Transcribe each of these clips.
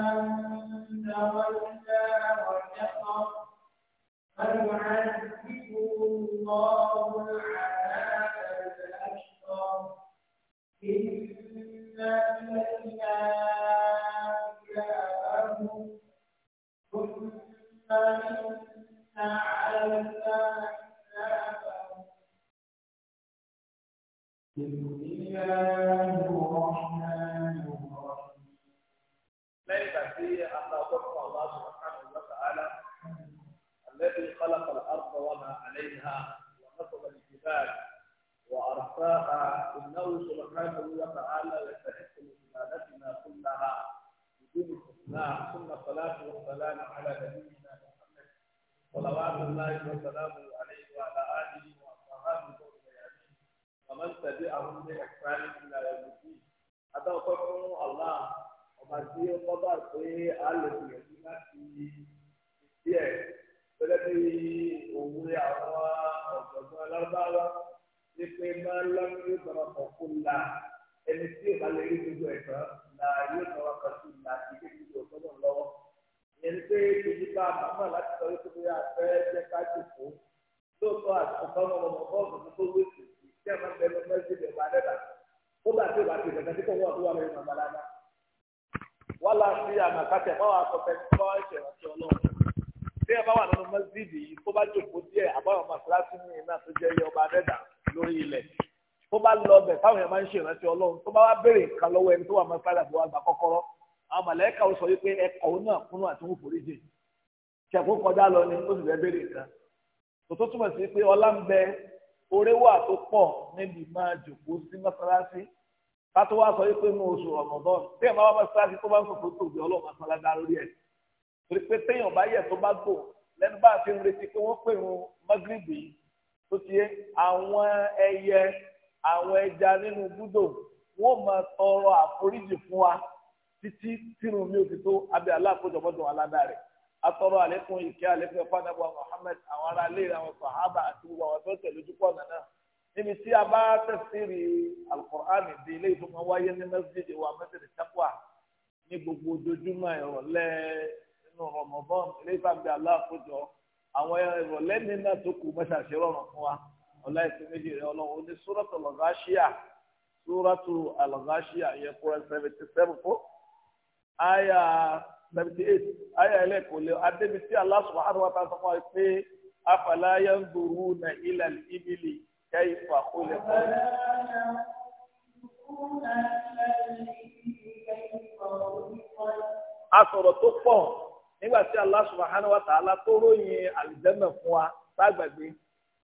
السلام adá ọpẹ́ fún Allah ọba tí ó kọ́ bá pé a lè gbìyànjú láti díẹ̀ gẹ́gẹ́ bí òwe àwọn ọ̀jọ̀gbọ́n alábáwá ní pé máa ń lọ́kùnrin bàbá kan kó la ẹni tí ò bá lè rí gbogbo ẹ̀ tán la yóò bàbá kan sí la ìdí gbogbo ọ̀tọ́ náà lọ́wọ́. ìyẹn ni pé kejì bá a máa láti sọ wípé bí a fẹ́ jẹ́ ká jòkó lóòótọ́ àti ọ̀tọ́ ọmọ ọmọ bọ́ọ̀lù tó tó wéṣì ìṣẹ́ máa ń bẹ ó bá ti bá ti ìgbà tí kò wọ́n tó wà lórí ya dáadáa. wọ́n la fi àmàkàtẹ̀ bá wàá sọ pé kọ́ ẹ̀ṣẹ̀ ọ̀ṣẹ̀ ọlọ́run. bí ẹ bá wà nínú mẹ́sídìí yìí tó bá jòkó díẹ̀ àbáwọn iná tó jẹ́ iye ọba adẹ́dà lórí ilẹ̀. bá lọ táwọn yẹn máa ń ṣe ìrántí ọlọ́run tó bá wá béèrè nǹkan lọ́wọ́ ẹni tó wà oore wà tó pọ̀ níbi máa jòkó sí mọ́sálásí ká tó wá sọ wípé ní oṣù Ramadan téèyàn bá wá mọ́sálásí tó bá ń fòfò tó gbé ọlọ́run àtàlágá lórí ẹ̀ torí pé téèyàn bá yẹ̀ tó bá gbò lẹ́nu bá fi ń retí pé wọ́n pè wọn mọ́gìrìbì tó ti yé àwọn ẹyẹ àwọn ẹja nínú búdò wọ́n máa tọrọ àforíjì fún wa títí tírun mi ò ti tó abẹ́ aláàkójọpọ̀ dùn aládàá rẹ̀ atọrọ àlékún ìkẹ́ àlékún ẹ̀fọ́ àdàbọ̀ Muhammad àwọn ará ilé àwọn sàhábà àti gbogbo àwọn tó tẹ̀lé ojú pọ̀ nàná níbi tí a bá tẹ̀síìrì alukur'an di ilé ìfowópamọ́ wáyé ní mẹ́sídẹ̀ẹ́dì wa mẹ́sídẹ̀ẹ́dì tẹ́kọ̀ọ́ ní gbogbo ojoojúmọ́ ìrọ̀lẹ́ inú Ramadan ilé ìfàgbé aláàkójọ àwọn ìrọ̀lẹ́ nínú tó kù mẹ́sàṣẹ́ rọrùn fún wa ọ̀la ìsìn méjì rẹ̀ ọlọ́run ní súrọ́tù al-Ghashiyah seventy eight ayé ẹlẹ́kọ̀ọ́ lé adébi tí Allah subhanahu wa ta'ala sọ fún wa pé afala yanzuruna ila al-ibili kayfa khuliqat. asọ̀rọ̀ tó pọ̀ nígbà tí Allah subhanahu wa ta'ala tó ròyìn àlùjẹ́nà fún wa ságbàgbé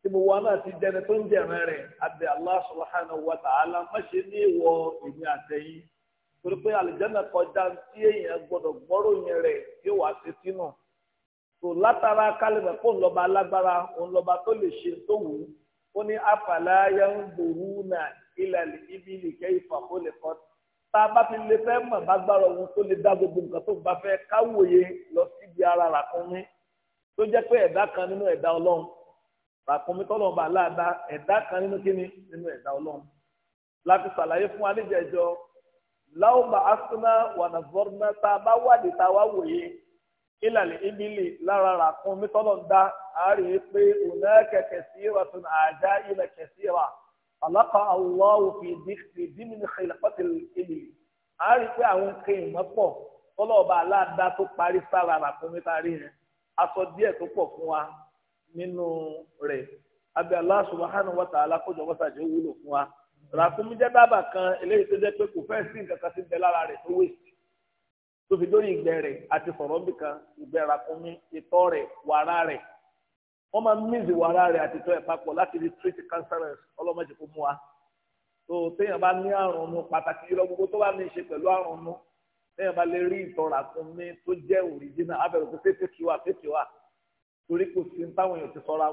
tí mo wá náà ti jẹni tó ń jẹ̀rẹ̀ rẹ̀ àbẹ̀ Allah subhanahu wa ta'ala má ṣe ní ìwọ èmi àtẹ̀yìn torí pé àlìjẹ́nà kọjá tí èèyàn gbọ́dọ̀ gbọ́rọ̀ yẹn rẹ̀ yóò wá sí sínú tó látara kálímẹ̀ kó ń lọ́ba alágbára òun lọ́ba tó lè ṣe tó wù ú ó ní àfàlà ayé ń gbòòrú nà ilẹ̀ ibi ìlìkẹ́ ìfà kó lè kọ́ tá a bá fi lè fẹ́ mọ̀ bá gbára òun tó lè dá gbogbo nǹkan tó bá fẹ́ káwòye lọ síbi ara ràkúnmí tó jẹ́ pé ẹ̀dá kan nínú ẹ̀dá ọlọ́run ràkúnmí tọ́lọ́run láwọn bá asúná wà nà zọrùnà tá a bá wádìí tá a wá wòye ìlàlẹ̀ ìbílẹ̀ lára rà kún mi tọ́lọ̀ ń dá a rí i pé ònà kẹ̀kẹ́ sí ra tún àjá ilẹ̀ kẹ̀sí ra àlọ́kọ̀ àwòrán òfin ìdímìnì xìlẹ̀kọ́tì ìbílẹ̀ a rí i pé àwọn kéèyàn mọ́pọ̀ tọ́lọ̀ ọba aláàdá tó parí sára rà kún mi tá a rí yẹn aṣọ díẹ̀ tó pọ̀ fún wa nínú rẹ̀ abẹ́ Allah subhanahu wa ta'ala kó jọ ràkúnmí jẹ́ dábàá kan eléyìí tó jẹ́ pé kò fẹ́ sí nǹkan kan sí bẹ lára rẹ̀ tó wéṣì tó fi dórí ìgbẹ́ rẹ̀ àti sọ̀rọ̀ bì kan ìgbẹ́ ràkúnmí ìtọ̀ rẹ̀ wàrà rẹ̀ wọ́n máa ń mìsì wàrà rẹ̀ àti ìtọ̀ ẹ̀ papọ̀ láti lè treat cancerous ọlọ́mọdé kó mú wa tó téèyàn bá ní àrùn ọ̀nù pàtàkì yìí lọ gbogbo tó bá ní í ṣe pẹ̀lú àrùn ọ̀nù téèyàn bá lè rí ìtọ̀ ràkúnmí tó jẹ́ òrìjínà abẹ́rẹ́ tó fẹ́ fẹ́ kí wa fẹ́ kí wa torí kò sí táwọn èèyàn ti sọra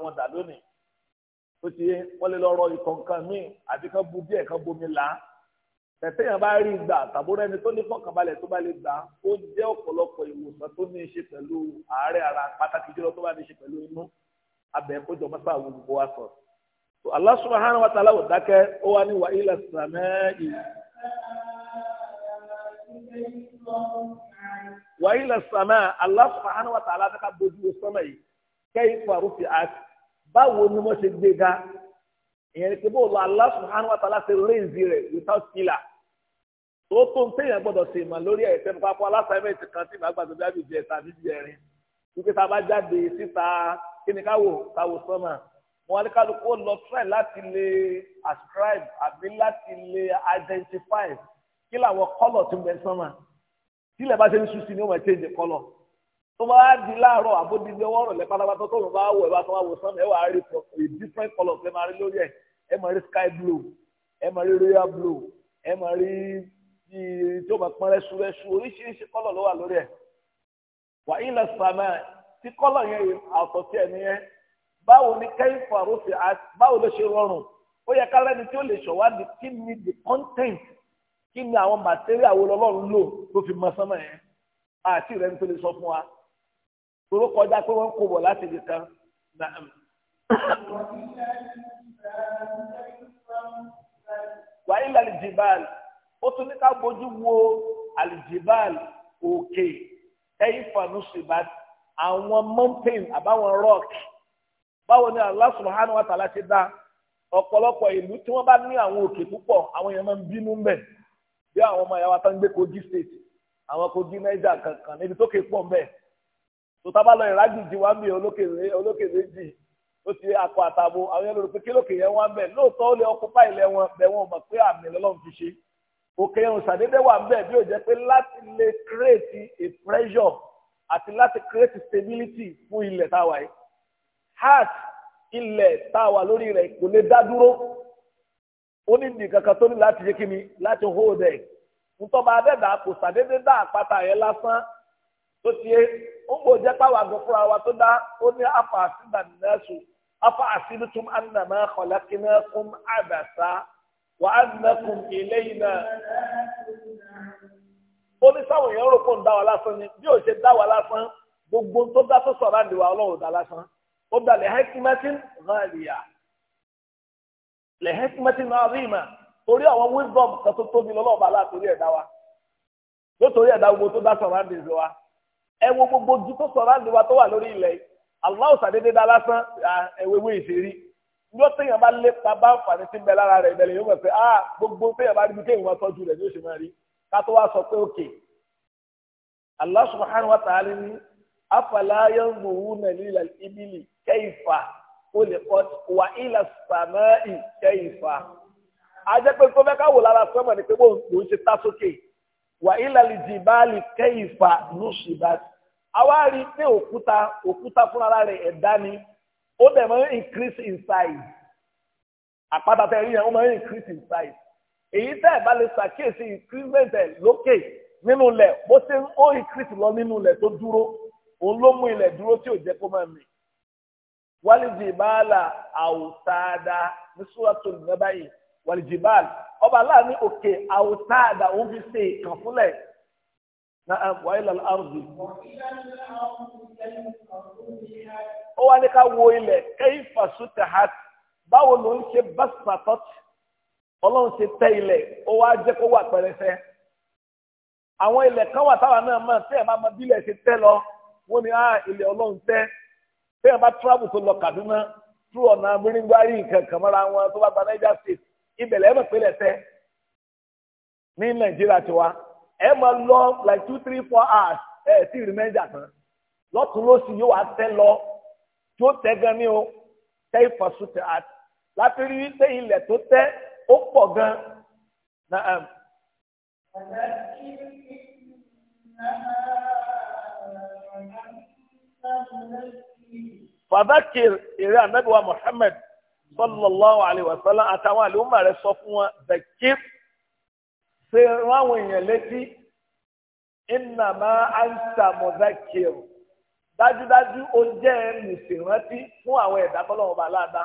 ó ti yé wọ́n lè lọ rọ ìkọ̀ǹkan míì àti kan bu díẹ̀ kan bomi là á tẹ̀tẹ̀ yẹn bá rí gbà tàbúrò ẹni tó ní fọkànbalẹ̀ tó bá lè gbà ó jẹ́ ọ̀pọ̀lọpọ̀ ìwòsàn tó ní í ṣe pẹ̀lú àárẹ̀ ara pàtàkì jùlọ tó bá ní í ṣe pẹ̀lú inú abẹ́ kójọ mọ́sá wo gbogbo wa sọ. Allah subhanahu wa ta'ala wò dákẹ́ ó wá ní wàhílà sàmẹ́ẹ̀ì wàhílà sàmẹ́ẹ̀ Allah subhanahu wa ta'ala dákà bójú sọ́mẹ̀ yìí kẹ́yìn fún àrùfẹ́ àti báwo ni wọ́n ṣe gbé ga ìyẹn ni pé bóòlù Allah subhanahu wa ta'ala ṣe rẹ́ǹzì rẹ̀ without killer tó tó ń téèyàn gbọ́dọ̀ ṣe ìmọ̀ lórí ẹ̀sẹ̀ nípa fún aláṣàmẹ́ǹtì kan tí màá gbàgbé bí jẹ tàbí jẹ rin wípé tá a bá jáde síta kí ni káwò káwò sọ́mà wọn ní kálukú ó lọ try láti lè ascribe àbí láti lè identify kí làwọn kọ́lọ̀ tó ń bẹ sọ́mà tí ilẹ̀ bá ṣe ń ṣú sí ni ó máa change kọ́lọ̀ tó bá di láàárọ̀ àbódìdí ọwọ́ rẹ̀ pátápátá tó bá wọ̀ ẹ̀ bá tó bá wọ̀ sánmi ẹ̀ wà á rí a different colour ẹ̀ máa rí lórí ẹ̀ ẹ̀ máa rí sky blue ẹ̀ máa rí royal blue ẹ̀ máa rí bíi tó máa pọn rẹ́súrẹ́sú oríṣiríṣi colour ló wà lórí ẹ̀ wà ilẹ̀ sàmà tí colour yẹn àtọ̀tí ẹ̀ nìyẹn báwo ni kẹ́hìnfà rúfin báwo ló ṣe rọrùn ó yẹ kálẹ̀ ni tí ó lè ṣọ̀wádìí kí ni the content kí ni àwọn material wo lọ́lọ́run lò tó fi mọ sánmà yẹn àti ìrẹ́ni tó lè sọ fún wa toro kọjá pé wọ́n kó bọ̀ láti ibi kan. wàyí làlìjìbáàlì ó tún ní ká bójú wo àlìjìbáàlì òkè ẹ̀yìn fanusibad àwọn mountain àbáwọn rock báwo ni Allah subhanahu wa ta'ala dá ọ̀pọ̀lọpọ̀ ìlú tí wọ́n bá ní àwọn òkè púpọ̀ àwọn èèyàn máa ń bínú mbẹ̀ bí àwọn ọmọ kankan níbi tó ké tó tábà lọ ìrájìjì wá mi olókè méjì ó ti akọ àtàbò àwọn yẹn lórí pé kílókè yẹn wá bẹ lóòótọ́ ó lè ọkùnfà ilẹ̀ wọn bẹ wọn mọ̀ pé àmì lọ́lọ́run fi ṣe òkè ẹ̀hún sàdédé wà ń bẹ bí ó jẹ́ pé láti lè create a pressure àti láti create stability fún ilẹ̀ táwa yìí heart ilẹ̀ táwa lórí rẹ̀ kò lè dá dúró ó ní nǹkan kan tó ní láti ṣe kí ni láti hold ẹ̀ ntọ́ba adẹ́dàá kò sàdédé dá àpáta yẹn lásán tó ti yé ó gbọ́ jẹ́ pàwọ́ àgọ́ fúnra wa tó dá ó ní afa àsìdà nẹ́ẹ̀sù afa àsìdùtùm ànàmọ́ khalaqnakum àbàṣà wà á nàkùn ilayna. ó ní sáwọn èèyàn rò pé ń dá wa lásán ni bí ó ṣe dá wa lásán gbogbo tó dá tó sọ̀rọ̀ àdìwà ọlọ́run dá lásán ó dá lè hẹ́kímẹ́tìn ghaliya lè hẹ́kímẹ́tìn azima torí àwọn wisdom kan tó tóbi lọ́lọ́ọ̀bá látòrí ẹ̀dá wa lótòrí ẹ̀dá gbogbo tó dá sọ̀rọ̀ àdìwà ẹ wo gbogbo ojú tó sọ̀rọ̀ àdìwá tó wà lórí ilẹ̀ aláwọ̀ sàdédé dá lásán ẹ̀wẹ̀wé ìṣèrí yóò téèyàn bá lépa bá àǹfààní tí ń bẹ lára rẹ̀ ìbẹ̀lẹ̀ yóò mọ̀ pé ah gbogbo téèyàn bá rí bí kéèyàn wá tọ́jú rẹ̀ ní oṣù máa rí ká tó wá sọ pé òkè Allah subhanahu wa ta'ala ni afala yanzuruna ilal ibili kayfa khuliqat wa ila samai kayfa ajẹ́ pé tó fẹ́ ká pé bó ń ṣe tá sókè àwa rí i pé òkúta òkúta fúnra rẹ̀ ẹ̀dá ni ó dẹ̀ máa increase in size àpáta tẹ̀ rí yẹn ó máa increase in size èyí tẹ́ ẹ̀ bá lè ṣàkíyèsí increment ẹ̀ lókè nínú ilẹ̀ bó ṣe ń ó increase lọ nínú ilẹ̀ tó dúró òun ló mú ilẹ̀ dúró tí ò jẹ́ kó máa mì wàlìjìbáàlà àwòtáàdá ní sùràtò nìyẹn báyìí wàlìjìbáàlà ọba aláàánú òkè àwòtáàdá òun fi ṣe ìkànfúnlẹ̀ na eh, wa ilal ardi. Ó wá ní ká wo ilẹ̀ kayfa sutihat. Báwo ló ń ṣe baspatot? Ọlọ́run ṣe tẹ ilẹ̀, ilẹ̀ kan wà táwa náà mọ̀ tẹ́ ẹ̀ máa mọ bí ilẹ̀ ṣe tẹ́ lọ. Wọ́n ní á ah, ilẹ̀ ọlọ́run Niger state. ẹ máa lọ like two three four hours ẹ ti rìmẹ́jà kan lọ́tún lọ́sì yóò wá tẹ́ lọ tí ó tẹ́ gan ni o tẹ́ ìfọ̀sùn tẹ́ àt láti rí pé ilẹ̀ tó tẹ́ ó pọ̀ gan. Um, Fàdákìr èrè ànábìwá Mùhàmmad sallallahu alayhi wa sallam àtàwọn àlùmọ̀ rẹ̀ sọ fún wọn, Zakir ṣe rán àwọn èèyàn létí iná máa ń ṣàmùdákìrò dájúdájú ó jẹ́ mùsìrántí fún àwọn ẹ̀dá kọ́lọ́wọ́n bá láàdá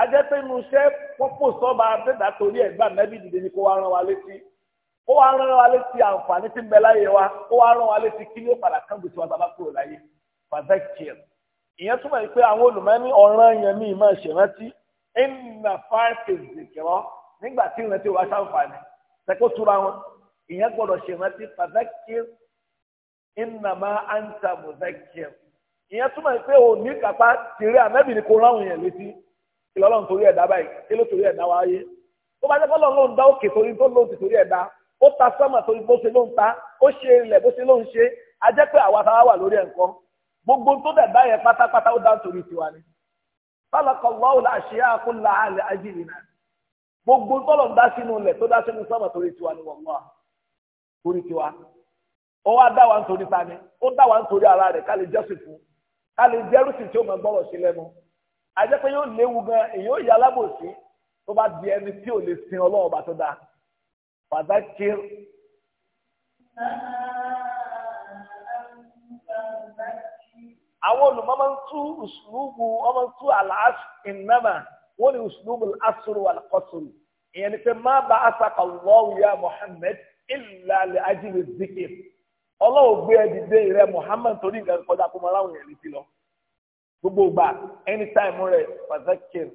ajẹ́pẹ́ inú iṣẹ́ pọ́pọ̀ sọ́ba adẹ́dá torí ẹ̀gbà nẹ́bí ni kó wá rán wa létí ó wá rán wa létí àǹfààní tí ń bẹ láyé wa ó wá rán wa létí kí ló padà kán gbèsè wa tá a bá kúrò láyé fàdákìrì ìyẹn túmọ̀ pé àwọn olùmọ́ni ọ̀ràn yẹn ní tẹ́kọ̀ tura wọn ìyẹn gbọ́dọ̀ ṣe rántí fàdákìr ìnàmá àǹtà mùzákìr ìyẹn túmọ̀ pé o ní kápá tìrí ànábì ni kò ráhùn yẹn létí kí lọ́lọ́run torí ẹ̀dá báyìí kí ló torí ẹ̀dá wáyé tó bá jẹ́ kọ́ lọ́run dá òkè torí tó lóun ti torí ẹ̀dá ó ta sọ́mà torí bó ṣe ló ta ó ṣe ilẹ̀ bó ṣe ló ṣe a jẹ́ pé àwa táwa wà lórí ẹ̀ńkọ́ gbogbo tó dẹ̀dá yẹn pátápátá ó dá nítorí tiwa ni. fálọkọ̀ lọ́wọ́ làṣẹ àkúlà àlẹ́ ajílì gbogbo tọ́lọ̀ ń dá sínú ilẹ̀ tó dá sínú sọ́mọ̀ torí tiwa ni wọ́n wá torí tiwa ó wá dá wa nítorí ta ni ó dá wa nítorí ara rẹ̀ ká lè jọ́sìn fún ká lè jẹ́rùsì tí ó mọ̀ gbọ́rọ̀ sí lẹ́nu àjẹ́ pé yóò léwu gan èyí ó yà alábòsí tó bá di ẹni tí ò lè sin ọlọ́run bá tó dáa fàdákìr. àwọn olùmọ̀ máa ń tú uslubu wọ́n máa ń tú àlàáṣ ìnáma wọ́n ní uslubu asr wal qasr ìyẹn ni pé má bá ya Muhammad illa li ajli zikir ọlọ́wọ́ gbé ẹ dìde rẹ Muhammad torí nǹkan kọjá yẹn létí lọ gbogbo gbà anytime rẹ fazakir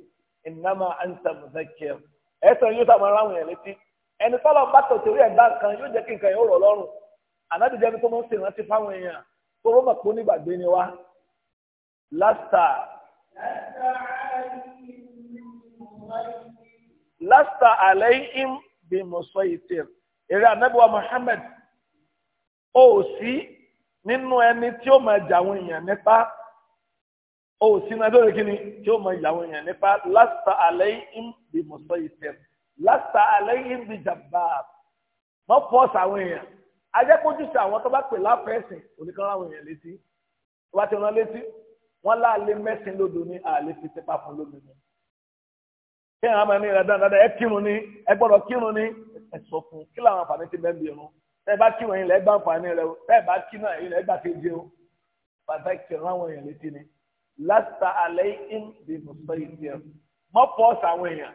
innama anta muzakir ẹ sọ yóò sàmọ aláwọ̀ yẹn létí ẹni tọ́lọ̀ bá tọ̀ torí ẹ̀ dá nǹkan yóò kí nǹkan yẹn fáwọn èèyàn tó pé ni lásìtà àlẹ́yìn bí mọ̀sọ́ ìtìr èrè anábíwá Muhammad ó sí nínú ẹni tí ó máa jà àwọn èèyàn nípa ó sí nínú ẹni kíni tí ó máa jà àwọn èèyàn nípa lásìtà àlẹ́yìn bí mọ̀sọ́ ìtìr lásìtà àlẹ́yìn bí jàmbáàb mọ́ pọ́s àwọn èèyàn ajẹ́kójú sí àwọn tó bá pè láfẹ̀ẹ́sìn oníkan láwọn èèyàn létí tó ti rán létí wọ́n láàlé mẹ́sìn lódò ní àlè fi tẹ́pà fún lómi ni kí àwọn ọmọ ẹni rẹ dáadáa ẹ kírun ni ẹ gbọ́dọ̀ kírun ni ẹ sọ fún kí làwọn àǹfààní ti bẹ́ẹ̀ bí irun tẹ́ ẹ bá kírun yín lẹ́ gbà àǹfààní rẹ o tẹ́ ẹ bá kírun yín lẹ́ gbà kejì o bàtà kírun àwọn èèyàn létí ni lásìtà alẹ́ in bí mùsùlùmí yìí àwọn èèyàn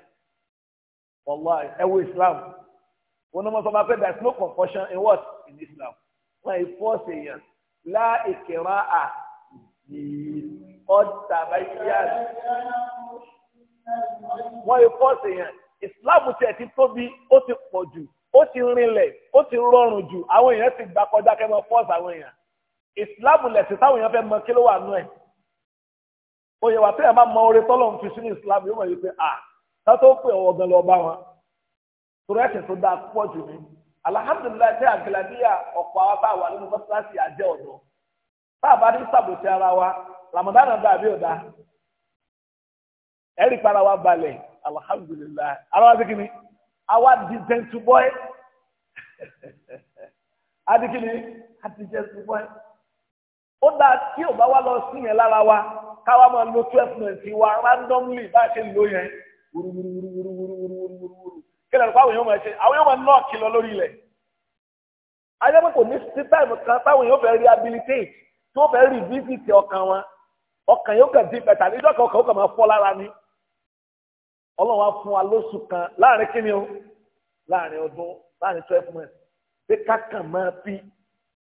wallahi ẹ Islam wọn ni mo sọ ma pé there is no confusion in what in Islam wọn yìí pọ́ọ̀sì èèyàn lá ìkìrá à ọ̀tàbáyé wọ́n yóò fọ́ọ̀sì yẹn ìsìláàmù tiẹ̀ ti tóbi ó ti pọ̀ jù ó ti rinlẹ̀ ó ti rọrùn jù àwọn èèyàn ti gbà kọjá kẹ́ mọ fọ́ọ̀sì àwọn èèyàn ìsìláàmù lẹ̀sìn táwọn èèyàn fẹ́ mọ kí ló wà nú ẹ̀ oyè wà tẹ́yà máa mọ orí tọ́lọ̀ ń fi sínú ìsìláàmù yóò mọ̀ yìí pé à ah, ká tó pè ọ̀ ọ̀gán lọ bá wọn torí ẹ̀sìn tó dáa púpọ̀ jù ní alihamudulilayi tẹ́ àgìlàdíyà ọ̀pọ̀ àwọn táwa nínú mọ́sálásí àjẹ́ ọ̀dọ́ tá ní sàbòtì ara wa Ramadan dàbí ọ̀dà ẹ̀rí para wa balẹ̀ alhamdulilayi ara wa awa di gentle boy adikini adi gentle tí ò bá wá lọ wa káwa máa lo wa randomly bá ṣe wuruwuruwuruwuruwuruwuru yẹn wúruwúruwúruwúruwúruwúruwúru kílẹ̀ nípa àwọn èèyàn máa ṣe àwọn èèyàn rehabilitate revisit ni ọlọ́run á fún wa lóṣù kan láàrin kíni o láàrin ọdún láàrin twelve months pé kákan máa fi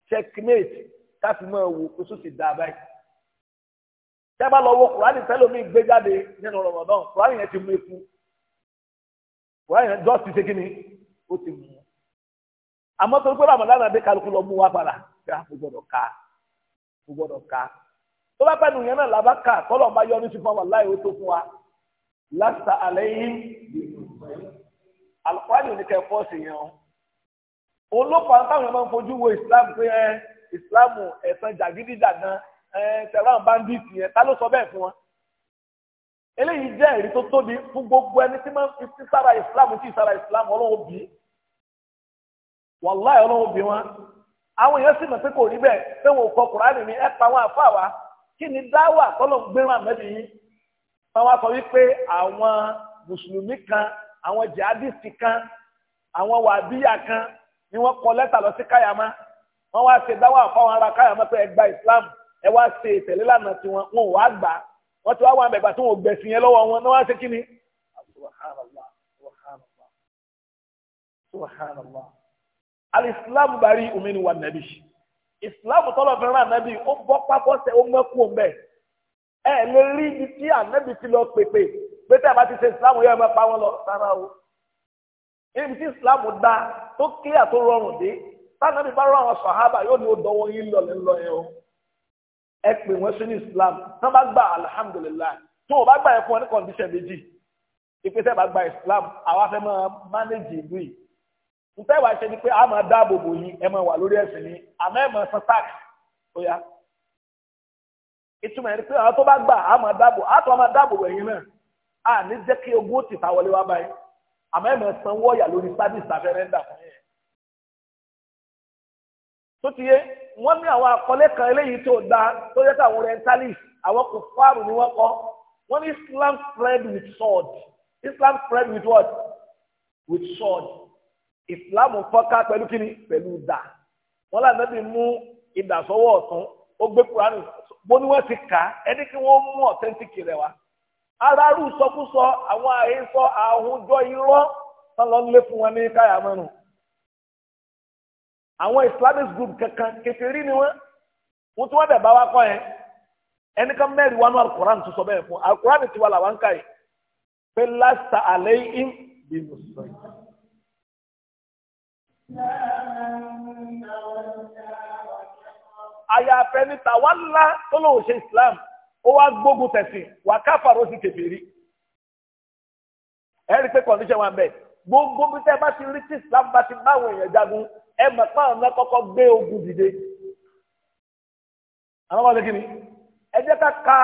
checkmate káfí máa wò kó sósì dáa báyìí. Tẹ́bá lọ wo Kùránì tẹ́lómi gbé jáde nínú Ramadan, Kùránì yẹn ti mú eku. Kùránì yẹn jọ́ọ̀sì ṣe kíni ó ti mú. Àmọ́ torí pé Ramadan náà dé kálukú lọ mú wa padà, ṣé a kò gbọ́dọ̀ ká? Kò gbọ́dọ̀ ká. Tó bá pẹ́ nìyẹn náà làbá kà, kọ́lọ̀ bá yọ ní ṣùgbọ́n wà láì ó tó fún wa lásìtà àlẹ́yìn alùpàdé oníkẹ́ fọ́ọ̀sì yẹn o olóòpàá táwọn èèyàn máa ń fojú wo islam pé ẹ islam ẹ̀sán jàgídíjàgan ẹ tẹ̀wọ́n bandits yẹn ta ló sọ bẹ́ẹ̀ fún wọn eléyìí jẹ́ ẹ̀rí tó tóbi fún gbogbo ẹni tí máa fi sísára islam tí ìsára islam ọlọ́run bí wàláì ọlọ́run bí wọn àwọn èèyàn sì mọ̀ pé kò rí bẹ́ẹ̀ pé wọn ò kọ kùránì ní ẹ pa wọn àfa wa kí ni dáwà tọ́lọ̀ ń gbéra mẹ́bí yìí táwọn á sọ wípé àwọn mùsùlùmí kan àwọn jihadisti kan àwọn wàbíyà kan ni wọ́n kọ lẹ́tà lọ sí káyàmá wọ́n wá ṣe dáwọ́ àfáwọn ará káyàmá pé ẹ gba islam ẹ wá ṣe ìtẹ̀lé lànà tiwọn wọn ò wá gbà á wọ́n ti wá wà mẹ́gbà tí wọ́n gbẹ̀sìn yẹn lọ́wọ́ wọn ní wọ́n á ṣe kí ni. alìsílámù bari omi ni wà nàbí islam tọ́lọ̀ fẹ́ràn nàbí ó bọ́ pápọ́sẹ̀ ó mẹ́kù ọ̀mẹ́ ẹ lè rí ibi tí ànábì ti lọ pèpè pé tí a bá ti ṣe ìsìlámù yóò máa pa wọn lọ sára o ibi tí ìsìlámù dá tó kílíà tó rọrùn dé tánàbí bá rọ àwọn sàhábà yóò ní ó dọwọ́ yín lọ lẹ́nu lọ yẹn o ẹ pè wọ́n sí ní ìsìlámù tán bá gbà alihamudulilayi tó o bá gbà yẹn fún ní kọ̀ǹdíṣẹ̀ méjì ìpèsè bá gba ìsìlámù àwa fẹ́ máa mánéjì ìlú yìí ntẹ́wàá ṣe ni pé a máa dáàbò bò yín ẹ máa wà lórí ẹ̀sìn yín àmọ́ ẹ máa san táàkì ó yá ìtumọ̀ ẹni pé àwọn tó bá gbà á máa dáàbò á tó máa dáàbò ẹ̀yin náà á ní jẹ́ kí ogún òtì ta wọlé wá báyìí àmọ́ ẹ̀ máa san wọ́ọ̀yà lórí sábìsì abẹ́rẹ́ ń dà fún yẹn. tó ti yé wọ́n ní àwọn àkọlé kan eléyìí tó da tó yẹ káwọn orientalist àwọn kò fáàrù ni wọ́n kọ́ wọ́n ní Islam spread with sword Islam spread with what with sword Islam fọ́ká pẹ̀lú kíni pẹ̀lú ìdà wọ́n lànà bí mú ìdà sọ́wọ́ ọ̀tún ó gbé Kúránì mo ní wọ́n ti kà á ẹni kí wọ́n mú ọ̀tẹ́ntìkì rẹ̀ wá. aráàlú sọkúsọ àwọn àhesọ àwùjọ irọ́ tán lọ lé fún wọn ní káyà mẹ́nu. àwọn islamic group kankan kékeré ni wọ́n wọ́n tí wọ́n dẹ̀ bá wá kọ́ yẹn ẹni kan mẹ́rin wánú alukoran tó sọ bẹ́ẹ̀ fún alukoran ti wà làwọn ká yìí pé lásìtà àlẹ́ yìí bí mo sọ yìí àyàfẹ́ níta wá ńlá tó lóun ṣe islam ó wá gbógun tẹ̀sìn wà káfàró sí kèfèrí ẹ rí i pé condition wa bẹ́ẹ̀ gbogbo bí tẹ́ bá ti rí tí islam bá ti báwọn èèyàn jagun ẹ mọ̀ pé àwọn náà kọ́kọ́ gbé ogun dìde àwọn ọmọdé kìíní ẹ jẹ́ ká ka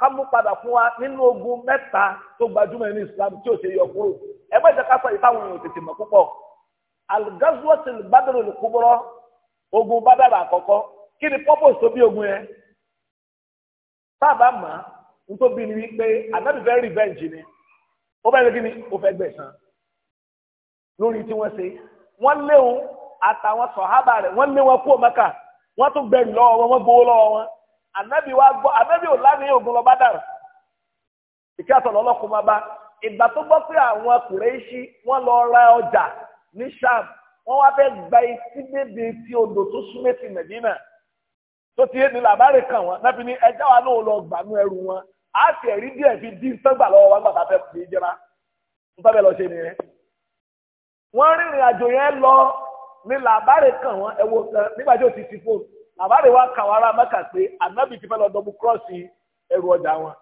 ká mú padà fún wa nínú ogun mẹ́ta tó gbajúmọ̀ ní islam tí ò ṣe yọ kúrò ẹ bá jẹ́ ká sọ ìtàwọn èèyàn tètè mọ̀ púpọ̀ al-ghazwatul badr al-kubra ogun bádàrà àkọ́kọ́ kí ni purpose tó bí ogun yẹn bàbá mà ń tó bí ni wípé ànábì fẹ́ revenge ni ó bẹ́ẹ̀ ni kí ni ó fẹ́ gbẹ̀san lórí tí wọ́n ṣe wọ́n léwu àtàwọn sọ̀hábà rẹ̀ wọ́n lé wọn kú ọ̀mẹ́ka wọ́n tún gbẹ̀rù lọ́wọ́ wọn wọ́n gbowó lọ́wọ́ wọn ànábì wa gbọ́ ànábì ò lánìí ogun lọ́ba dàrú ìkí àtọ̀lọ́ ọlọ́kùn máa bá ìgbà tó gbọ́ pé àwọn kùrẹ́ṣí wọ́n lọ ra ọjà ní sham wọ́n wá fẹ́ gba etí bèbè tí odò tó súnmẹ́tì mẹ̀dínà tó ti yé ni làbárè kàn wọn náà fi ní ẹjá wa náà lọ gbà nú ẹrù wọn á sì ẹ̀rí díẹ̀ fi dín sọ́gbà lọ́wọ́ wa gbàgbà fẹ́ fi jẹ́ra ń fẹ́ bẹ́ẹ̀ lọ ṣe nìyẹn. wọ́n rìnrìn àjò yẹn lọ ni làbárè kàn wọn ẹ̀wọ̀ nígbà tí ó ti ti fóònù làbárè wa kà wọ́n ará mẹ́kà pé ànábì ti fẹ́ lọ dọ́bù kírọ́ọ̀sì ẹrù ọjà wọn.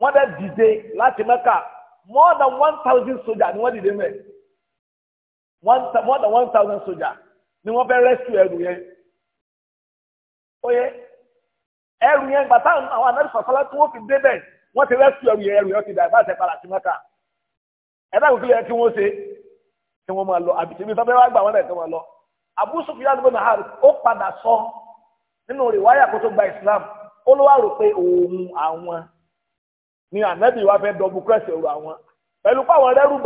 wọ́n dẹ̀ dìde láti mẹ́kà more than one thousand soldier ni wọ́n dìde mẹ́ more than one thousand soldier ni wọ́n fẹ́ rescue ẹrù yẹn oye ẹrù yẹn gbà táwọn àwọn anábì fàfọlá tí wọ́n fi dé bẹ́ẹ̀ wọ́n ti rẹ́sì ẹrù yẹn ẹrù yẹn ti dà bá àṣẹ padà sí mẹ́ta ẹ̀dá kò kílẹ̀ wọn wọ́n ṣe kí wọ́n máa lọ mi wá gbà lọ Abu ó padà sọ nínú kó Islam ó wá rò pé òun àwọn ni wa fẹ́ dọ̀bù kírẹ́sì ẹrù àwọn pẹ̀lú pé àwọn rẹ́rù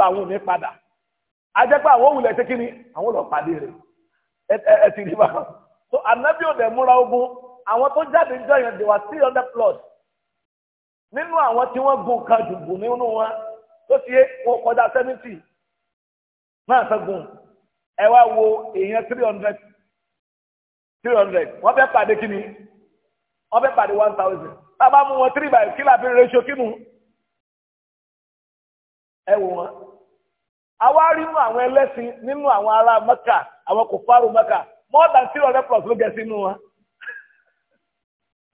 bà wọn ànábì òde múra ogun àwọn tó jáde jọ yẹn they were still under plot nínú àwọn tí wọ́n gun kan jù gùn nínú wọn tó ti yé wọn kọjá seventy náà fẹ́ gun ẹ wá wo èèyàn three hundred three hundred wọ́n fẹ́ pàdé kí ni wọ́n fẹ́ pàdé one thousand tá a bá mú wọn three by kí la fi ratio kínú ẹ wò wọn àwa rí nínú àwọn ẹlẹ́sìn nínú àwọn ará Mẹ́kà àwọn kò fárò Mẹ́kà. more than three hundred plus ló gẹ sínú wọn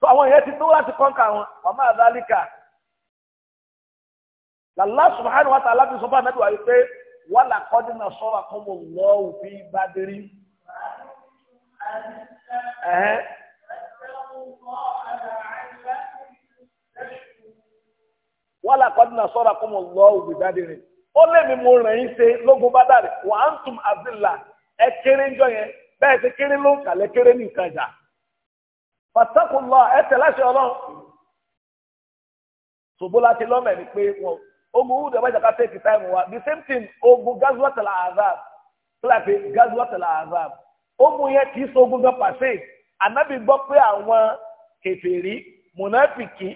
so àwọn yẹn ti tó láti kọ́ńkà wọn ọmọ La Allah subhanahu wa ta'ala fi sọ fún pé wọ́n là kọ́ dínà sọ́ra kún mọ̀ lọ́wọ́ fi bá dérí. wọ́n là kọ́ dínà sọ́ra kún mọ̀ lọ́wọ́ lé mi yín lógun bẹ́ẹ̀ ti kéré ló ń kàlẹ́ kéré ní ìtajà fàtàkùnlọ ẹsẹ̀ láṣẹ ọlọ́run ṣùgbọ́n láti lọ́mọ̀ ẹni pé wọn ogun wúdò ọba ìjàkà tẹ́kì táìmù wa the same thing ogun gazuwatala azab fúlàpé gazuwatala azab ogun yẹn kì í so ogun gan pàṣẹ ànábì gbọ́ pé àwọn kèfèrí mùnàfìkì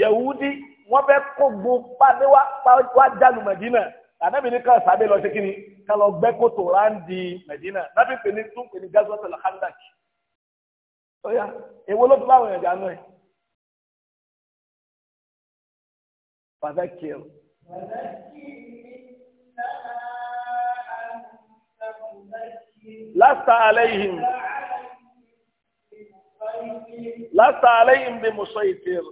yẹ̀wúdí wọ́n fẹ́ kó gun pàdé wá jálù ànábì ní ká sábẹ́ lọ sí kíni ká lọ gbẹ́ kòtò ráńdì mẹ̀dínà nábì pè ní tún pè ní gazwat al-Khandaq ó yá èwo ló tún láwọn èèyàn àánú ẹ̀. fàdákìl. lásìtà aláìhìn lásìtà aláìhìn bí musaytir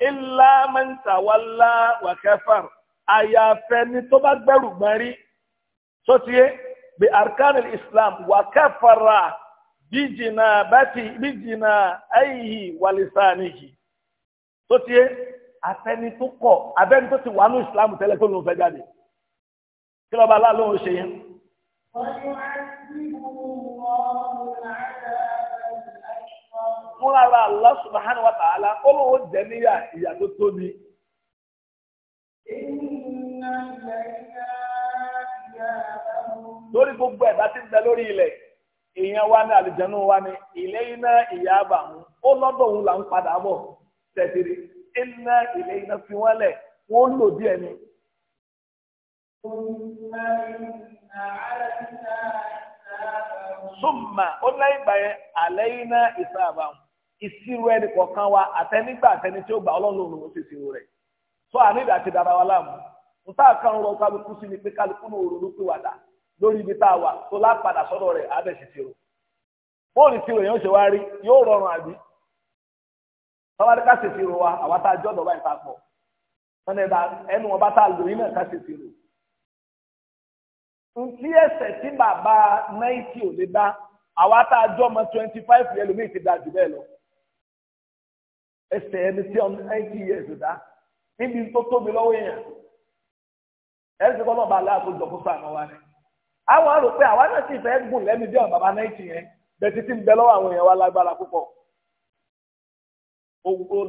illa man tawalla wa kafar àyàfẹ́ ni tó bá gbẹ́rù gbọ́n rí sọ́tìyé bí arkan islam wa kafara bíjìnà bàtì bíjìnà ayhi wa lisanihi sọ́tìyé afẹ́ni tó kọ̀ abẹ́ni tó ti wà ní islam tẹ́lẹ̀ tó lòun fẹ́ jáde kí lọ́ba aláàlóhùn ṣe yẹn. wọ́n yóò á sí ìwọ. fúnra ra Allah subhanahu wa ta'ala ó lóun jẹ tóbi. lórí gbogbo ẹ̀dá tí ń bẹ lórí ilẹ̀ èèyàn wa ní àlùjànnú wa ní ilé iná ìyá àbà ń ó lọ́dọ̀ òun là ń padà bọ̀ iná ilé iná fi wọ́n lẹ̀ wọ́n lò díẹ̀ ni. súnmà ó lẹ́yìn àlẹ́ iná ìṣirò ẹni kọ̀ọ̀kan wa àtẹnigbà àtẹni tí ó gbà ọlọ́run ló ń ṣe ìṣirò rẹ̀ a ti dára wa láàmú nta kan rọ kálukú sí ni pé kálukú ní òru pé wàdà ibi tá a wà tó lápadà sọ́dọ̀ rẹ̀ abẹ́ sì ti rò bóòlù ti ṣe wá rí yóò rọrùn àbí ká ṣe wa àwa tá a jọ́ dọ̀bá ìta pọ̀ ẹnu wọn bá tá a lò yín náà ká ṣe ese ẹni tí ọmọ ninety years dá níbi tó tóbi lọ́wọ́ èèyàn ẹsẹ̀ kọ́ náà bá aláàbò jọ̀kú sànù wa ni. àwọn náà sì gùn bí bàbá yẹn títí bẹ àwọn lágbára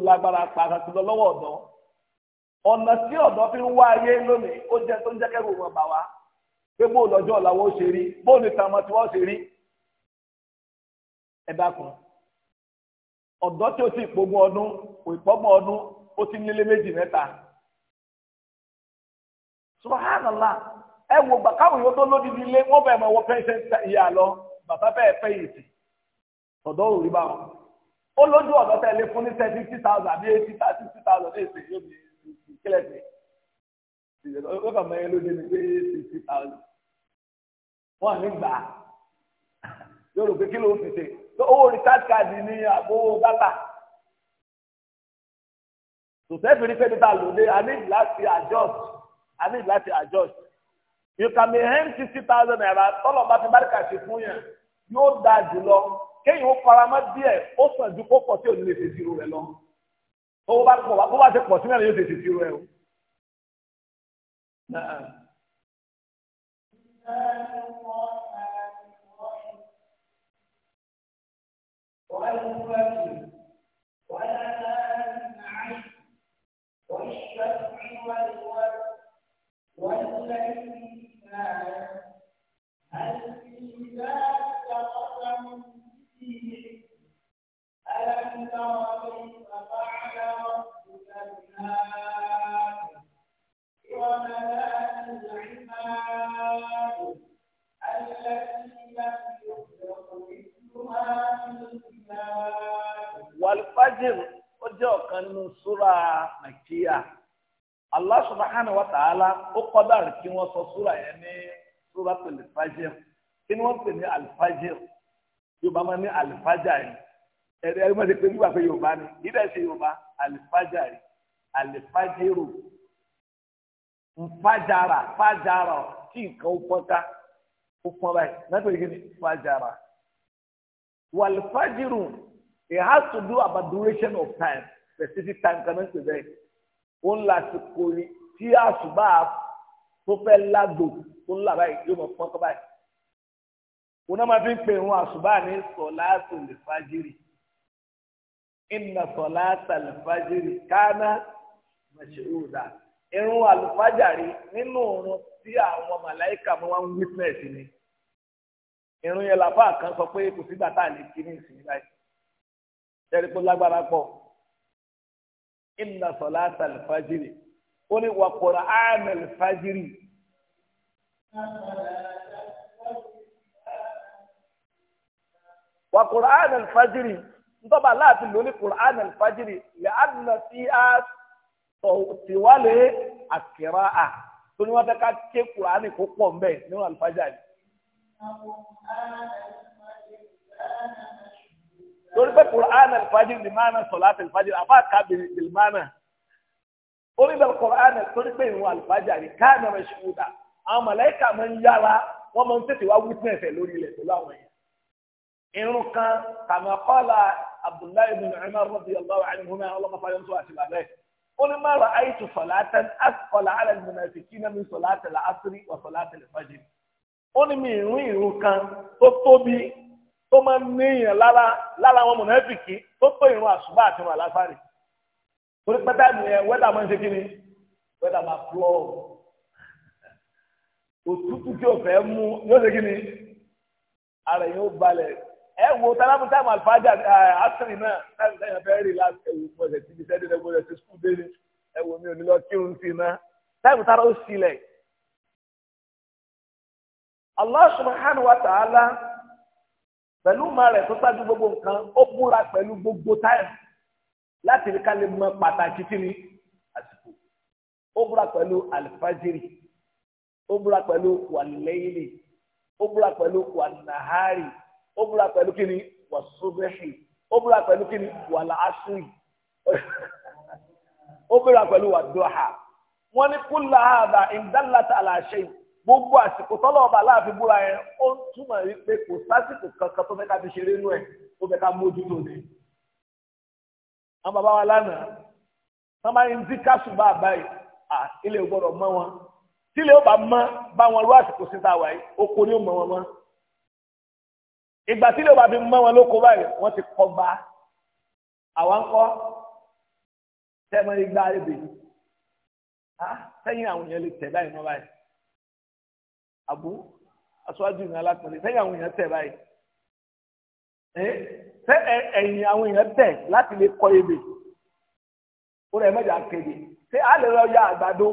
lágbára pàtàkì lọ ọ̀nà tí ọ̀dọ́ fi ń wá ayé lónìí Ọdọ tí ó ti ìpógun ọdún ìpọ́gbọ̀n ọdún ó ti nílé méjì mẹ́ta. subahánàlá ẹ wo bàkáwọn yóò tó lódìdí ilé wọn wọ ìyá lọ bàbá bá wọn. ó lójú fún ní thousand eighty thousand ní yóò di ìkílẹ̀ sí ó kà ní thousand wọn à ní gbà yóò rò pé kí ló fi ṣe. owó recharge card ní àbówó data sòtẹ́fì rí pẹ́ẹ́tà lòdì a need láti adjust a need láti adjust you can be earn sixty thousand naira tọ́lọ̀ bá ti bárìkà ṣe fún yẹn yóò dáa jùlọ kéèyàn ó faramọ́ díẹ̀ ó sàn ju kó pọ̀ sí òní lè ṣe ìṣirò rẹ̀ lọ owó bá pọ̀ wá bó bá ṣe pọ̀ sí mẹ́rin yóò ṣe ìṣirò rẹ̀ o. Thank you. وعلى المفاتيح وعلى أهل النعيم والشفع والوالد والذين هل في ذلك قسم فيه ألم تر كيف فعل ربك بها وملأ العماد التي لم يخلق مثلها في wàlúfàjìr ó jẹ́ ọ̀kan nínú súra nàìjíríà Allah subhanahu wa ta'ala ó kọ́dà kí wọ́n sọ sura ya ní súra pẹ̀lú fàjìr yorùbá máa ní alfàjà yìí ẹ̀rẹ́ ẹ̀rẹ́ nígbà pé yorùbá ni yorùbá wal fajr it has to do about duration of time specific time kan ṣe bẹ́ẹ̀ òun lásìkò tí àṣùbà tó fẹ́ lágbo tó ń là báyìí yóò mọ̀ pọ́n kọ́ báyìí òun náà máa fi ń pè wọn àṣùbà ní sọ̀láàtò lè fájìrì inna sọ̀láàtà lè fájìrì irun àlùfájàrí nínú òun tí àwọn màláìkà máa witness ni irun yẹn làbá kan sọ pé kò sígbà tá à lè kí ní ìsìn báyìí tẹ́lẹ̀ pé lágbára pọ̀ inna salata al-fajiri ó ní wa qur'an al-fajiri. wa qur'an al-fajiri ntọ́ba láti lóní qur'an al lè àdùnnà sí a tìwálé àkìrá a tó ní wọ́n fẹ́ ká ké qur'an kó pọ̀ mbẹ́ nínú al-fajiri torí pé quran alfajir ni maana solat alfajir afa kabi bilmana orí bẹ quran torí pé ìwọn alfajir ni káàdà rẹ ṣubúdà àwọn mọlẹ́kà máa ń yára wọ́n máa ń tètè wá witness ẹ̀ lórí ilẹ̀ pẹ̀lú àwọn èèyàn. irun kan kama qala abdullahi bin umar radiyallahu anhuma ọlọ́mọ fayọ́ sọ àti bàbá ẹ̀. ó ní ma ra'aytu salatan asqala ala almunafiqina min salati al-asri wa salati al-fajr ó ní mi ìrún ìrún kan tó tóbi tó máa ń níyàn lára lára àwọn mọ̀nẹ́fìkì tó tó ìrún àṣùbà àti ìrún àlágbárí torí pẹ́tà mi ẹ wẹ́dà máa ń ṣe kíni wẹ́dà máa flọ́ òtútù tí o fẹ́ mú yóò ṣe kíni ara yóò balẹ̀ ẹ wo tálámù táàmù àlùfáàjà àṣírí náà táàmù táyà fẹ́ rí láti ẹ̀wù mọ̀ọ́sẹ̀ tíbi sẹ́dẹ̀ẹ́dẹ́gbọ̀ọ́sẹ̀ tí skul Allah subhanahu wa ta'ala pẹ̀lú ma rẹ̀ tó gbogbo nǹkan ó búra pẹ̀lú gbogbo táyà láti rí ká mọ pàtàkì kí ni àsìkò ó búra pẹ̀lú alifájírì ó búra pẹ̀lú wàlẹ́yìnì ó búra pẹ̀lú wànàhárì ó búra pẹ̀lú kí ni ó búra pẹ̀lú wàlàásùrì gbogbo àsìkò tọ́lọ̀ ọba aláàfin búra yẹn ó ń túmọ̀ wípé kò sásìkò kankan tó fẹ́ ká fi ṣeré nú ẹ̀ tó fẹ́ ká mójútó ni. àwọn bàbá wa lánàá wọ́n máa ń dín káṣù bá àbáyé à ilé ò gbọ́dọ̀ mọ́ wọn tí ilé ó bá mọ́ bá wọn rú àsìkò síta wà yìí oko ni ó mọ́ wọn mọ́. ìgbà tí ilé ò bá fi mọ́ wọn lóko báyìí wọ́n ti kọ́ bá àwọn kọ́ tẹ́mọ́ igbá rẹ̀ bèèrè sẹ́yìn àwọn yẹn lè tẹ̀ báyìí abu aṣáájú ní alákùnrin sẹ́yìn àwọn èèyàn tẹ̀ báyìí ṣé ẹ̀yìn àwọn èèyàn tẹ̀ láti lè kọ́ ebè ó rẹ̀ mẹ́jà kéde ṣé a lè lọ ya àgbàdo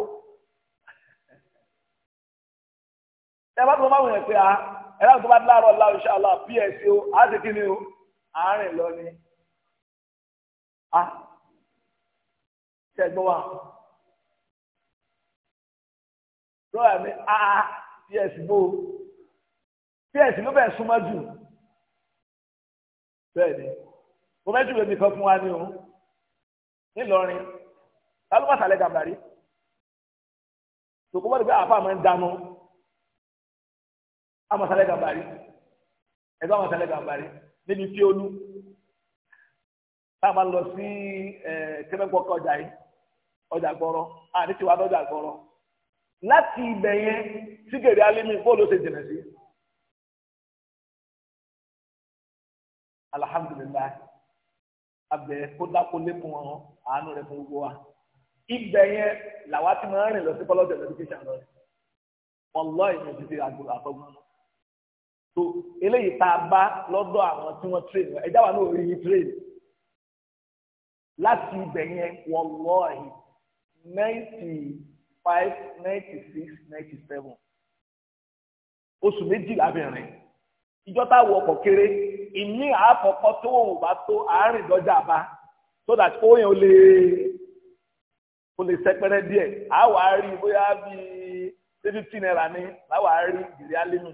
ẹ bá tó máa wọ̀nyẹn pé a ẹ láti tó bá láàárọ̀ láàárọ̀ ṣáàlà ps o a ti kí ni o àárín lọ ni a ṣẹgbọ́n wa lọ́wọ́ mi a ps bó ps ló bẹ̀ súnmọ́ jù bẹ́ẹ̀ ni mo fẹ́ jùlọ nìkan fún wa ni o ńìlọrin alùpàtàlẹ̀ gàmbàrí tòkó wọ́n ti pé àfa máa ń dáná amọ̀sálẹ̀ gàmbàrí ẹgbẹ́ amọ̀sálẹ̀ gàmbàrí níbi tí olú táwọn máa lọ sí ẹ̀ẹ́dẹ́gbẹ́kọ̀ ọjà yìí ọjà gbọ́rọ̀ àdìsí wa lọ́jà gbọ́rọ̀ láti ibẹ̀ yẹn sí gèrè alimi bóòlù ṣe jìnà sí. alihamudulilayi abẹ kó dákó lékun ọ̀hún àánú rẹ fún gbogbo wa ibẹ̀ yẹn làwa ti máa ń rìn lọ sí college of education lọ ọlọ́ ìyẹn ti fi àgbò àtọ́gbọ́n so eléyìí tá a bá lọ́dọ̀ àwọn tí wọ́n train ẹ̀já wa náà rí train láti ibẹ̀ yẹn wọ́n lọ́ọ̀hìn náìtì five ninety six ninety seven oṣù méjìlá bẹ̀rẹ̀ ìjọ tá a wọ ọkọ̀ kéré ìní àkọ́kọ́ tó wò bá tó àárín ìdọ́jà bá so that ó yẹn ó lè ó lè sẹpẹrẹ díẹ̀ á wà á rí bóyá bíi fifty naira ní láwà á rí ìrírí alẹ́nu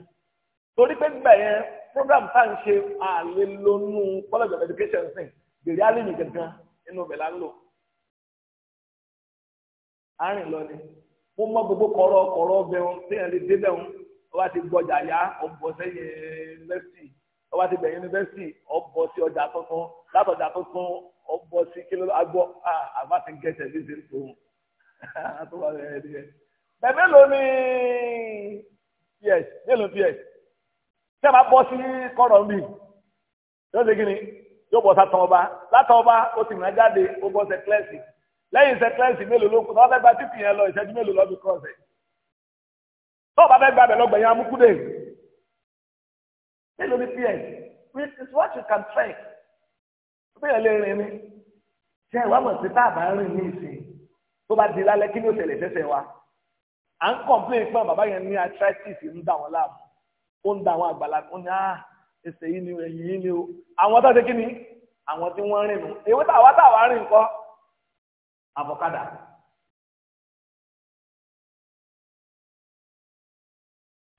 torí pé nígbà yẹn program tá à ń ṣe àlelónú college of education sìn ìrírí alẹ́nu gẹ̀gẹ́ inú bẹ̀ la ń lò arìn lọ ni mo mọ gbogbo kọ̀rọ̀ kọ̀rọ̀ bẹ wọn téèyàn lè dé bẹ wọn ọba ti gbọjà yá ọbọ sẹ́yìn yunifásitì ọba ti bẹ yunifásitì ọbọ sí ọjà tuntun látọjà tuntun ọbọ sí kí ló agbọ àbá ti gẹ̀ẹ́sẹ̀ bí ṣe ń tó wọn bẹ̀bẹ̀ ló ní ps mélòó ps tí a bá bọ́ sí kọ̀rọ̀ mi yóò ṣe kí ni yóò bọ́ sátọ̀ ọba látọ̀ ọba ó ti mìíràn jáde ó bọ́ sẹ́ kílẹ̀sì lẹ́yìn sẹ́kẹ́rẹ́sì mélòó ló kù tó bá fẹ́ gba títì yẹn lọ ìṣẹ́jú mélòó lọ́bi kọ́ọ̀sẹ̀ tó bá fẹ́ gba abẹ lọ́gbẹ̀ yẹn amúkúdè mélòó ni ps which is what you can track bẹ́ẹ̀ lè rìn ni ṣe ìwà mọ̀ sí tá a bá rìn ní ìsìn tó bá di lálẹ́ kí ni ó ṣẹlẹ̀ fẹ́fẹ́ wa à ń complain pé bàbá yẹn ní arthritis ń dà wọ́n láàmú ó ń dà wọ́n àgbàlagbà ó ní ah ẹsẹ̀ yìí ni ẹ̀yìn yìí ni o àwọn tó ṣe kí ni àwọn tí wọ́n rìn nù èwe táwa táwa rìn kọ́ àfọ̀kadà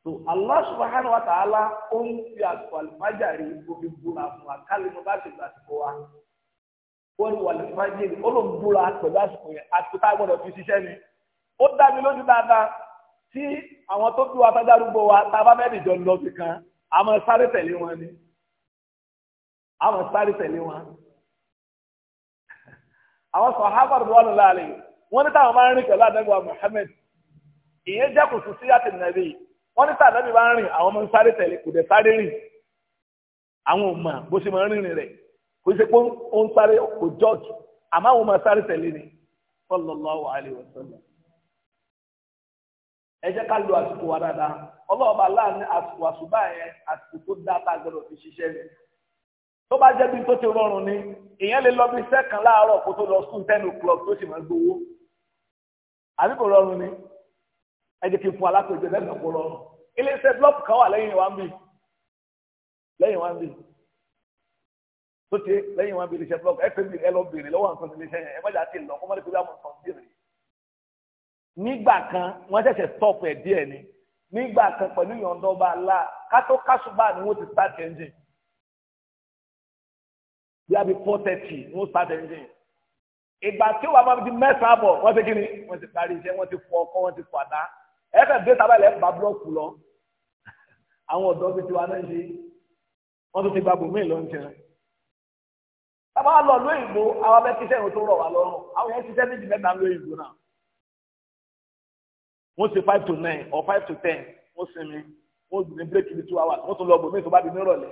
so Allah subhanahu wa ta'ala ó ń fi àsìkò àlùfájàrí omi búra fún wa kálí mo bá ti gbà àsìkò wa ó ní wà àlùfájàrí ó pẹ̀lú àsìkò yẹn àti tá a gbọ́dọ̀ fi ṣiṣẹ́ ni ó dá mi lójú dáadáa tí àwọn tó bí wa bá dárúgbó wa tá a bá mẹ́rin jọ lọ sí kan àmọ́ sáré tẹ̀lé wọn ni àmọ́ sáré tẹ̀lé wọn. àwọn sọ̀hábà rọ̀lù láàrin wọ́n ní táwọn máa ń rìn pẹ̀lú àdẹ́gbà Muhammad ìyẹn jẹ́ kò sùn sí yàtì nàbí wọ́n ní táwọn nàbí bá ń rìn àwọn ọmọ ń sáré tẹ̀lé kò dẹ̀ sáré rìn àwọn ò bó ṣe máa ń rìn rẹ̀ kò ṣe pé ó ń sáré kò jọ́ọ̀jù àmọ́ àwọn ọmọ sáré ni tó bá jẹ́ bí tó ti rọrùn ni èèyàn lè lọ bí iṣẹ́ kan láàárọ̀ kó tó lọ sùn ten o'clock tó sì máa gbowó àbí kò rọrùn ni ẹ jẹ́ kí n fún alákòjọ lẹ́nu kó rọrùn iléeṣẹ́ blọọkù kan wà lẹ́yìn wa ń bì lẹ́yìn wa ń bì tó ti lẹ́yìn wa ń bì iléeṣẹ́ blọọkù ẹ fẹ́ mi ẹ lọ béèrè lọ́wọ́ nǹkan iléeṣẹ́ yẹn ẹ má jà ti lọ kó má lè fi wá mọ̀ nǹkan béèrè nígbà kan wọ́n ṣẹ̀ṣẹ̀ stop ẹ̀ díẹ̀ ni nígbà kan pẹ̀lú ìyọ̀ndọ́ba la kátó kásùbà ni wọ́n ti start engine bí a bí four thirty wọ́n start engine ìgbà tí wàá máa di mẹ́sàn-án bọ̀ wọ́n ti kíni wọ́n ti parí iṣẹ́ wọ́n ti fọ ọkọ́ wọ́n ti fọ àdá ẹ̀fẹ̀ dé sábàlẹ̀ ẹ̀ bá búlọ́ọ̀kù lọ àwọn ọ̀dọ́ bíi tiwa náà ṣe wọ́n tún ti gba bùnmí ló ń jẹun. sábà lọ lóyìnbó àwọn abẹ́ tíṣẹ́ ìwé tó rọ̀ wá lọ́rùn àwọn yẹn tíṣẹ́ méjì mẹ́ta lóyìnbó náà wọ́n ṣe five to nine or five to ten wọ́n sinmi wọ́n gbìn bírèkì ní two hours wọ́n tún lọ bùnmí tó bá di nírọ̀lẹ́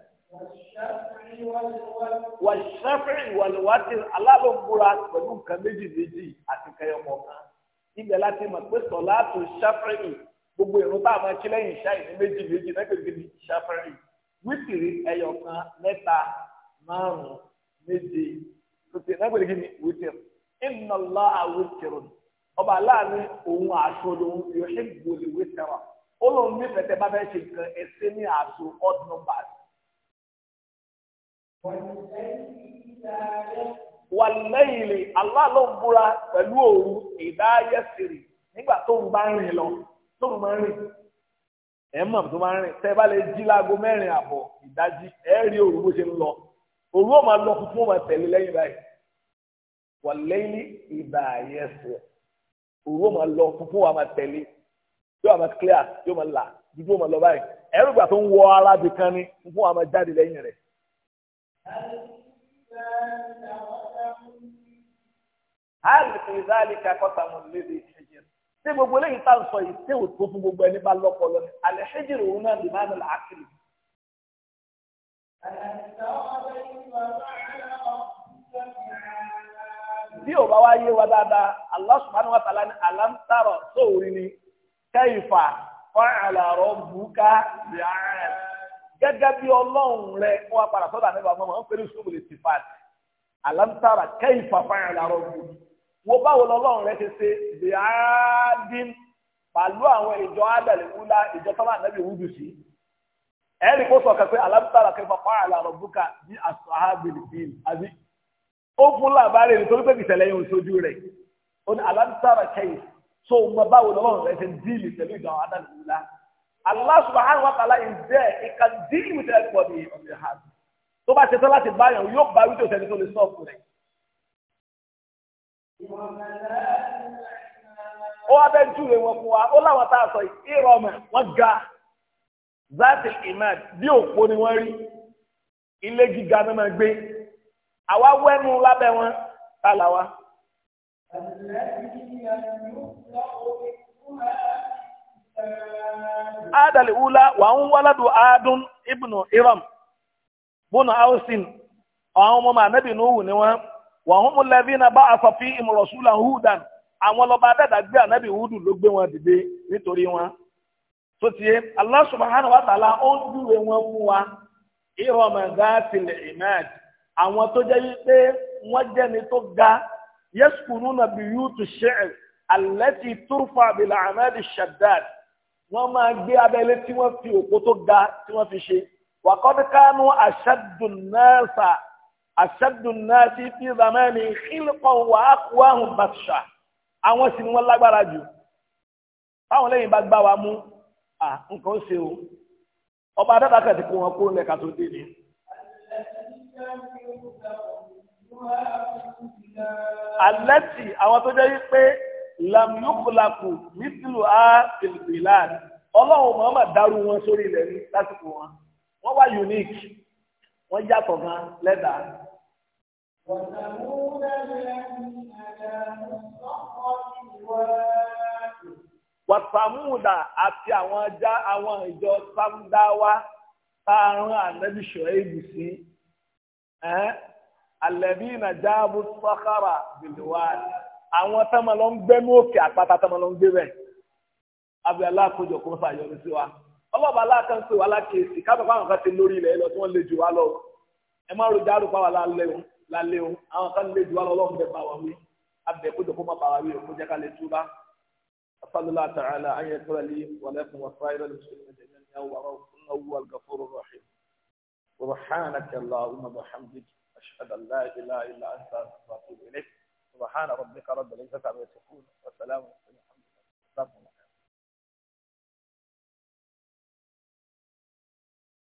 wàṣẹ́fìrì wàlúwàtí alábòbúra pẹ̀lú nǹkan méjì méjì àti kẹyọmọ kan ibẹ̀ láti mọ̀ pé sọ̀lá tó ṣẹ́fìrì gbogbo ìrún tá a máa kí lẹ́yìn iṣẹ́ ìní méjì méjì lẹ́gbẹ̀gbẹ̀ ní ṣẹ́fìrì wítìrì ẹyọ kan mẹ́ta márùn-ún méje tòtì lẹ́gbẹ̀gbẹ̀ ní wítìrì inna Allaha witrun ọba aláàánú òun àṣọ lòun yóò ṣe gbòòlì wítìrì ó lóun nífẹ̀ẹ́ tẹ́ bá fẹ́ ṣe nǹkan ẹ̀sìn ní àṣọ odd numbers wàlẹ́yìnlè Allah ló ń búra pẹ̀lú òru ìdáyẹsìrì nígbà tó ń bá rìn lọ tó ń máa rìn ẹ mọ̀ tó máa rìn tẹ́ bá lè jí láago mẹ́rin àbọ̀ ìdájí ẹ rí òru bó ṣe ń lọ òru ò máa lọ kú fún ọmọ tẹ̀lé lẹ́yìn báyìí wàlẹ́yìnlè ìdáyẹsìrì òru ò máa lọ kú fún ọmọ tẹ̀lé yóò máa clear yóò máa là dúdú ò lọ báyìí ẹrù hali ìzáàlì kakọta mu lédè ìṣèjìrì tí gbogbo eléyìí tá à ń sọ yìí tí ò tó fún gbogbo ẹni bá lọpọlọ ni àlẹ ìṣèjìrì òun náà lè má nà láàkiri. bí ò bá wá yé wa dáadáa Allah wa ta'ala ní alam sóòrì ni kayfa fa'ala rabbuka bi'ad gẹ́gẹ́ bí ọlọ́run rẹ wọ́n apàdà sọ́dọ̀ àníbà mọ́mọ́ ń pèrè sùkúlù ti fà á alámsára kẹ́yìn fàfáyà làárọ̀ gbòó wo báwo lọ́lọ́run rẹ ṣe ṣe bíádín pàlú àwọn ìjọ ádàlẹ́wúlá ìjọ sábà nàbì wúdù sí ẹ̀rí kó sọ̀kẹ́ pé alámsára kẹ́yìn fàfáyà làárọ̀ bùkà ní àṣàhábìlì bíi àbí ó fún làbárẹ̀ nítorí pé ìṣẹ̀lẹ̀ yẹn ò ṣojú rẹ̀ ó ní alámsára so mọ báwo lọ́lọ́run rẹ ṣe díìlì pẹ̀lú ìjọ ádàlẹ́wúlá Allah subhanahu wa ta'ala is there. He can deal with everybody on your heart. Tó bá ṣe tán láti bá yàn yóò bá wíjọ sẹ́ni tó lè sọ fún rẹ̀. Ó wá bẹ́ẹ̀ júwe wọn fún wa, ó láwọn tá a sọ ìrọ̀mọ̀ wọ́n ga. Zati Imad bí òpó ni wọ́n rí. Ilé gíga náà máa gbé. Àwa wẹ́nu lábẹ́ wọn tá làwa. Adal ula wa ń wáládù Adún ibnu Iram, Bùnà Ausin, àwọn ọmọ màá nẹ́bì Nuhu ni wọ́n, wà ń mú lẹ́bí na bá àfàfí ìmọ̀rọ̀súlà Húdàn, àwọn lọ́ba dàdà gbé ànẹ́bì Húdù ló gbé wọn dìde nítorí wọn. Tó ti yé, Allah subhanahu wa ta'ala ó ń júwe wọn fún wa, Iram Zatil Imad, àwọn tó jẹ́ wípé wọ́n jẹ́ni tó ga, yẹ́sùkùnú nàbí yúùtù ṣẹ́ẹ̀, àlẹ́tì túrfà bìlà àmẹ́dì ṣàdáàdì wọ́n máa gbé abẹ́lé tí wọ́n fi òkú tó ga tí wọ́n fi ṣe wàkọ́dúkánú àṣàdùnnáṣà àṣàdùnnáṣì fi zamani xilkan wà á kú àhùn bàṣà àwọn sì ni wọ́n lágbára jù táwọn lẹ́yìn bá gbá wa mú à nǹkan ṣe o ọba dada kàti kó wọn kó lẹ kàtó dé ni. alẹ́ tì àwọn tó jẹ́ wípé lamukulaku mitilu a filipilan ọlọ́run muhammad dárú wọn sórí ilẹ̀ ní lásìkò wọn wọ́n wá unique wọ́n yàtọ̀ gan lẹ́dà. wàtàmúdà àti àwọn ajá àwọn ìjọ sámúdáwá tá a rán ànábì ṣọ́ẹ́bù sí alẹ́bí nàjáàbù àwọn tọ́mọ lọ ń gbẹ́nu òkè àpáta tọ́mọ lọ ń gbé bẹ́ẹ̀ abẹ́ aláàkójọ kó fàyọrí sí wa ọlọ́ba aláàkán sí wa lákèésì kábọ̀ fáwọn kan ti lórí ilẹ̀ lọ tí wọ́n lè jù wá lọ ẹ má rojà àrùpá wa lálẹ́ o lálẹ́ o àwọn kan lè jù wá lọ lọ́wọ́ bẹ́ẹ̀ bá wa wí abẹ́ kójọ kó má bá wa wí o kó jẹ́ ká lè túbá asálùlá tààlà ayé tẹ́lẹ̀ wàlẹ́kùn wàsáyẹ́rẹ́ lọ́sọ̀rọ̀ سبحانك اللهم وبحمدك أشهد أن لا إله إلا أنت سبحان ربك رب العزة عما يصفون وسلام على المرسلين